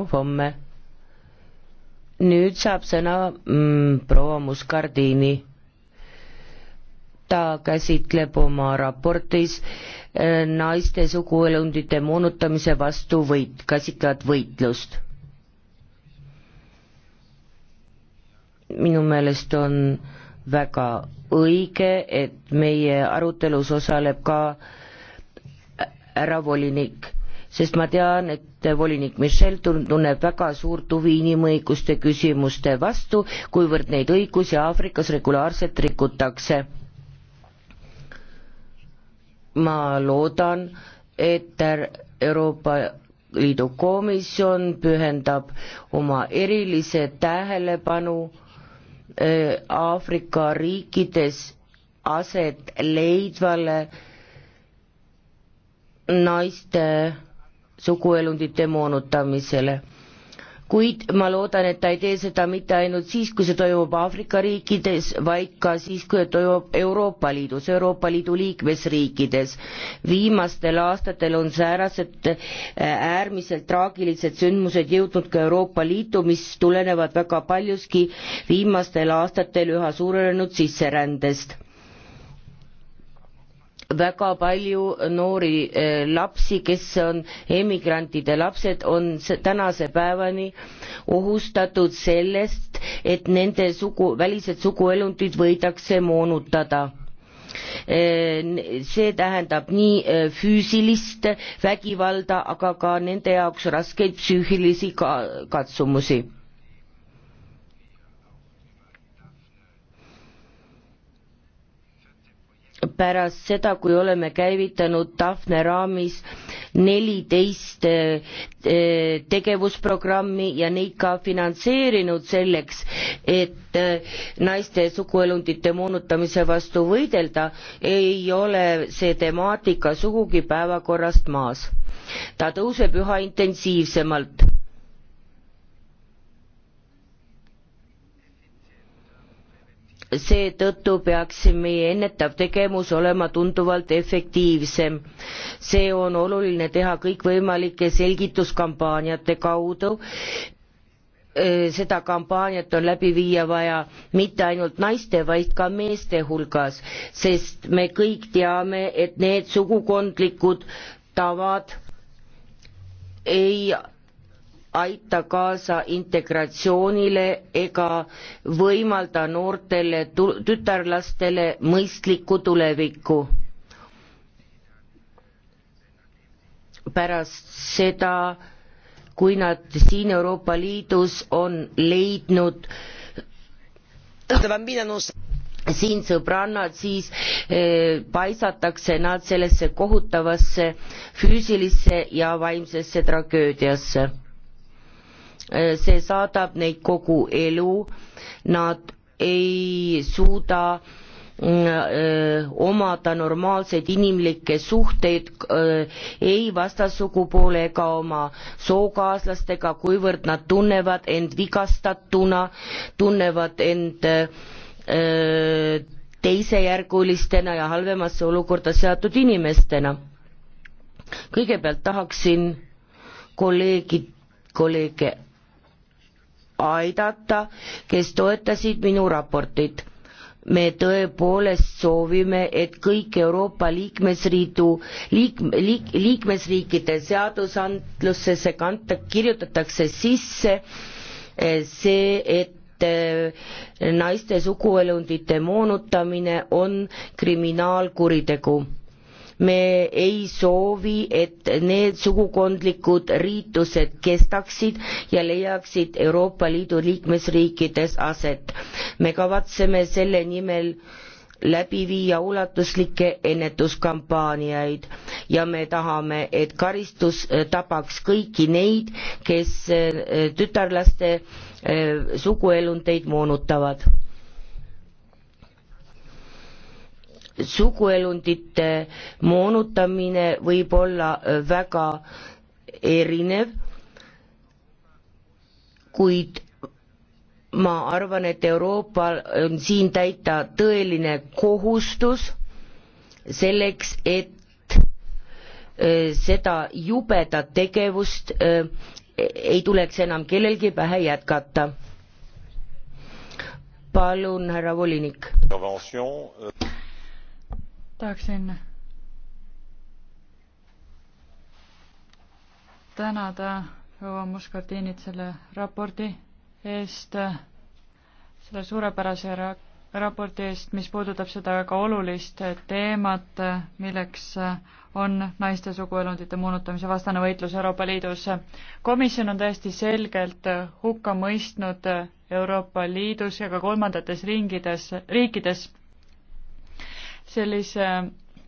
homme. nüüd saab sõna mm, proua Muscardini. ta käsitleb oma raportis äh, naiste suguelundite moonutamise vastu võit, käsitlevat võitlust. minu meelest on väga õige, et meie arutelus osaleb ka härra äh, volinik sest ma tean, et volinik Michel tunneb väga suurt huvi inimõiguste küsimuste vastu, kuivõrd neid õigusi Aafrikas regulaarselt rikutakse. ma loodan, et Euroopa Liidu komisjon pühendab oma erilise tähelepanu äh, Aafrika riikides aset leidvale naiste suguelundite moonutamisele. kuid ma loodan, et ta ei tee seda mitte ainult siis, kui see toimub Aafrika riikides, vaid ka siis, kui toimub Euroopa Liidus, Euroopa Liidu liikmesriikides. viimastel aastatel on säärased äh, äärmiselt traagilised sündmused jõudnud ka Euroopa Liitu, mis tulenevad väga paljuski viimastel aastatel üha suurenenud sisserändest väga palju noori eh, lapsi, kes on emigrantide lapsed, on tänase päevani ohustatud sellest, et nende sugu, välised suguelundid võidakse moonutada eh, see tähendab nii eh, füüsilist vägivalda, aga ka nende jaoks raskeid psüühilisi katsumusi pärast seda, kui oleme käivitanud Daphne raamis neliteist eh, tegevusprogrammi ja neid ka finantseerinud selleks, et eh, naiste suguelundite moonutamise vastu võidelda, ei ole see temaatika sugugi päevakorrast maas. ta tõuseb üha intensiivsemalt seetõttu peaks meie ennetav tegevus olema tunduvalt efektiivsem. see on oluline teha kõikvõimalike selgituskampaaniate kaudu äh, seda kampaaniat on läbi viia vaja mitte ainult naiste, vaid ka meeste hulgas, sest me kõik teame, et need sugukondlikud tavad ei aita kaasa integratsioonile ega võimalda noortele tütarlastele mõistlikku tulevikku. pärast seda, kui nad siin Euroopa Liidus on leidnud siin sõbrannad, siis eh, paisatakse nad sellesse kohutavasse füüsilisse ja vaimsesse tragöödiasse Eh, see saadab neid kogu elu, nad ei suuda mm, eh, omada normaalseid inimlikke suhteid eh, ei vastassugupoole ega oma sookaaslastega, kuivõrd nad tunnevad end vigastatuna, tunnevad end teisejärgulistena ja halvemasse olukorda seatud inimestena. kõigepealt tahaksin kolleegid, kolleege aidata, kes toetasid minu raportit. me tõepoolest soovime, et kõik Euroopa liikmesriidu, liik-, liik-, liikmesriikide seadusandlusesse kanta, kirjutatakse sisse eh, see, et eh, naiste suguelundite moonutamine on kriminaalkuritegu me ei soovi, et need sugukondlikud riitused kestaksid ja leiaksid Euroopa Liidu liikmesriikides aset. me kavatseme selle nimel läbi viia ulatuslikke ennetuskampaaniaid ja me tahame, et karistus äh, tabaks kõiki neid, kes äh, tütarlaste äh, suguelundeid moonutavad suguelundite moonutamine võib olla äh, väga erinev, kuid ma arvan, et Euroopal on siin täita tõeline kohustus selleks, et äh, seda jubedat tegevust äh, ei tuleks enam kellelgi pähe jätkata. palun, härra volinik tahaksin tänada proua Muskardinit selle raporti eest, selle suurepärase ra-, raporti eest, mis puudutab seda väga olulist teemat, milleks on naiste suguelundite moonutamise vastane võitlus Euroopa Liidus. komisjon on täiesti selgelt hukka mõistnud Euroopa Liidus ja ka kolmandates ringides, riikides sellise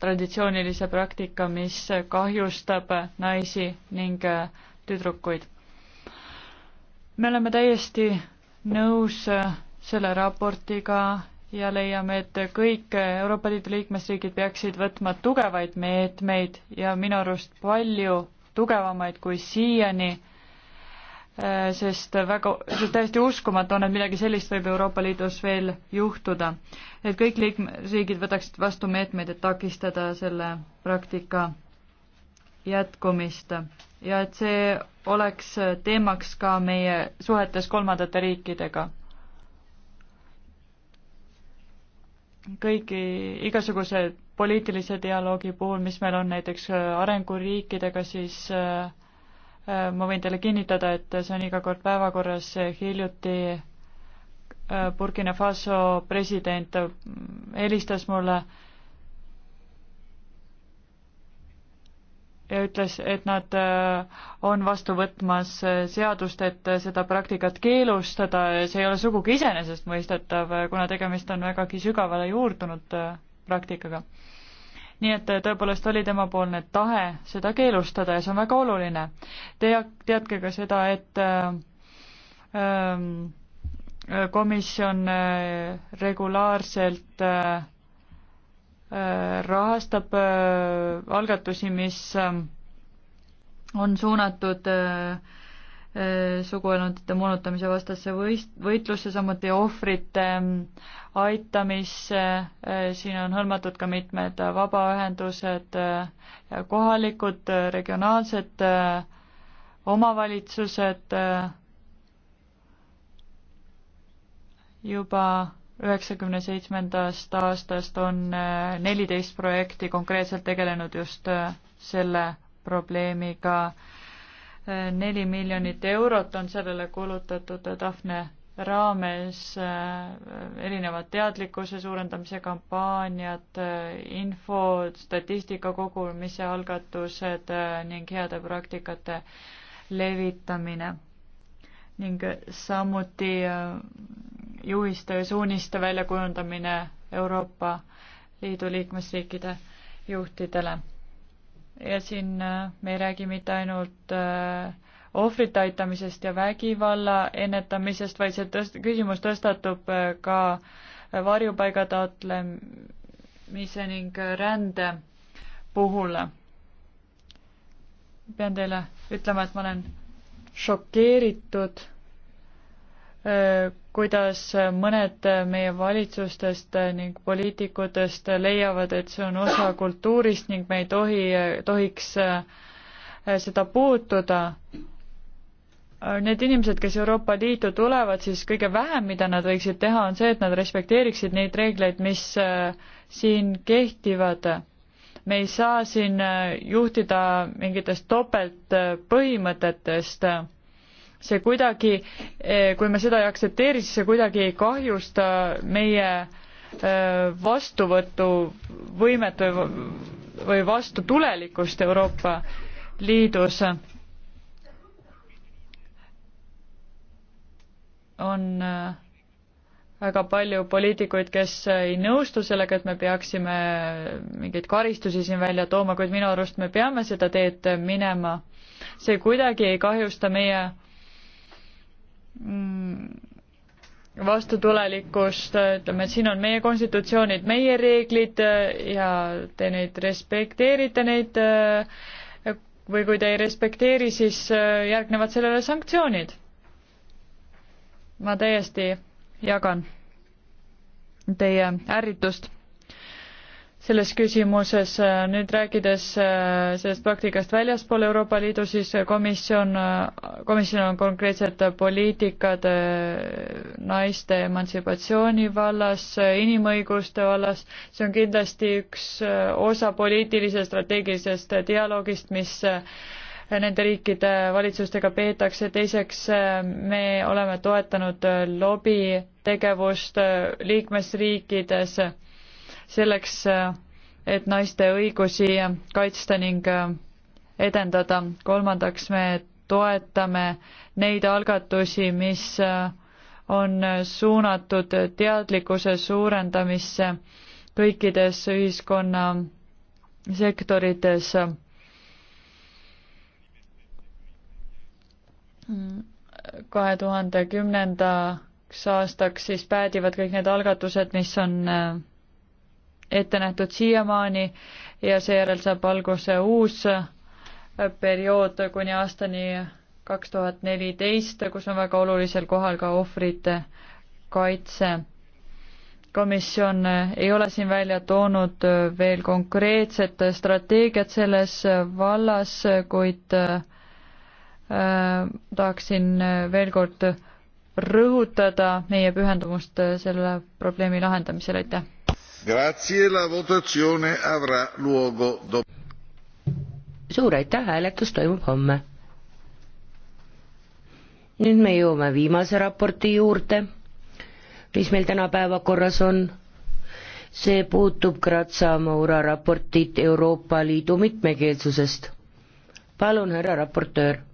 traditsioonilise praktika, mis kahjustab naisi ning äh, tüdrukuid. me oleme täiesti nõus äh, selle raportiga ja leiame, et kõik Euroopa Liidu liikmesriigid peaksid võtma tugevaid meetmeid ja minu arust palju tugevamaid kui siiani Äh, sest väga, sest täiesti uskumatu on, et midagi sellist võib Euroopa Liidus veel juhtuda. et kõik liikmesriigid võtaksid vastu meetmeid, et takistada selle praktika jätkumist ja et see oleks teemaks ka meie suhetes kolmandate riikidega. kõigi, igasuguse poliitilise dialoogi puhul, mis meil on näiteks äh, arenguriikidega, siis äh, Äh, ma võin teile kinnitada, et see on iga kord päevakorras, hiljuti äh, Burkina Faso president äh, helistas mulle ja ütles, et nad on vastu võtmas seadust, et seda praktikat keelustada ja see ei ole sugugi iseenesestmõistetav, kuna tegemist on vägagi sügavale juurdunud praktikaga nii et äh, tõepoolest oli temapoolne tahe seda keelustada ja see on väga oluline. Tea-, teadke ka seda, et äh, ähm, äh, komisjon äh, regulaarselt äh, rahastab äh, algatusi, mis äh, on suunatud äh, Äh, suguelundite moonutamise vastasse võist-, võitlusse, samuti ohvrite ähm, aitamisse, äh, siin on hõlmatud ka mitmed vabaühendused äh, ja kohalikud regionaalsed omavalitsused juba üheksakümne seitsmendast aastast on neliteist projekti konkreetselt tegelenud just selle probleemiga äh, neli miljonit eurot on sellele kulutatud Daphne raames äh, erinevad teadlikkuse suurendamise kampaaniad, äh, info, statistika kogumise algatused äh, ning heade praktikate levitamine. ning samuti juhiste ja suuniste väljakujundamine Euroopa Liidu liikmesriikide juhtidele ja siin äh, me ei räägi mitte ainult äh, ohvrite aitamisest ja vägivalla ennetamisest, vaid see tõst-, küsimus tõstatub äh, ka varjupaiga taotlemise ning rände puhul. pean teile ütlema, et ma olen šokeeritud Äh, kuidas mõned meie valitsustest ning poliitikutest leiavad, et see on osa kultuurist ning me ei tohi, tohiks äh, seda puutuda. Äh, need inimesed, kes Euroopa Liitu tulevad, siis kõige vähem, mida nad võiksid teha, on see, et nad respekteeriksid neid reegleid, mis siin kehtivad me ei saa siin juhtida mingitest topeltpõhimõtetest see kuidagi, eh, kui me seda ei aktsepteeri, siis see kuidagi ei kahjusta meie eh, vastuvõtuvõimet või, või vastutulelikkust Euroopa Liidus. on eh, väga palju poliitikuid, kes ei nõustu sellega, et me peaksime mingeid karistusi siin välja tooma, kuid minu arust me peame seda teed minema. see kuidagi ei kahjusta meie Mm, vastutulelikust, ütleme, et siin on meie konstitutsioonid, meie reeglid äh, ja te neid respekteerite, neid äh, või kui te ei respekteeri, siis äh, järgnevad sellele sanktsioonid. ma täiesti jagan teie ärritust selles küsimuses. Äh, nüüd rääkides äh, sellest praktikast väljaspool Euroopa Liidu, siis komisjon, äh, komisjonil on konkreetsed poliitikad naiste emantsipatsiooni vallas, inimõiguste vallas, see on kindlasti üks osa poliitilisest strateegilisest dialoogist, mis nende riikide valitsustega peetakse, teiseks me oleme toetanud lobitegevust liikmesriikides selleks, et naiste õigusi kaitsta ning edendada. kolmandaks, me toetame neid algatusi, mis on suunatud teadlikkuse suurendamisse kõikides ühiskonna sektorites. kahe tuhande kümnendaks aastaks siis päädivad kõik need algatused, mis on ette nähtud siiamaani ja seejärel saab alguse uus äh, periood kuni aastani kaks tuhat neliteist, kus on väga olulisel kohal ka ohvrite kaitse. komisjon äh, ei ole siin välja toonud äh, veel konkreetset strateegiat selles vallas, kuid tahaksin veel kord rõhutada meie pühendumust selle probleemi lahendamisel, aitäh! Grazie, la votazione avrà luogo dom-. suur aitäh, hääletus toimub homme. nüüd me jõuame viimase raporti juurde, mis meil täna päevakorras on see puutub Grazia Moura raportit Euroopa Liidu mitmekeelsusest. palun, härra raportöör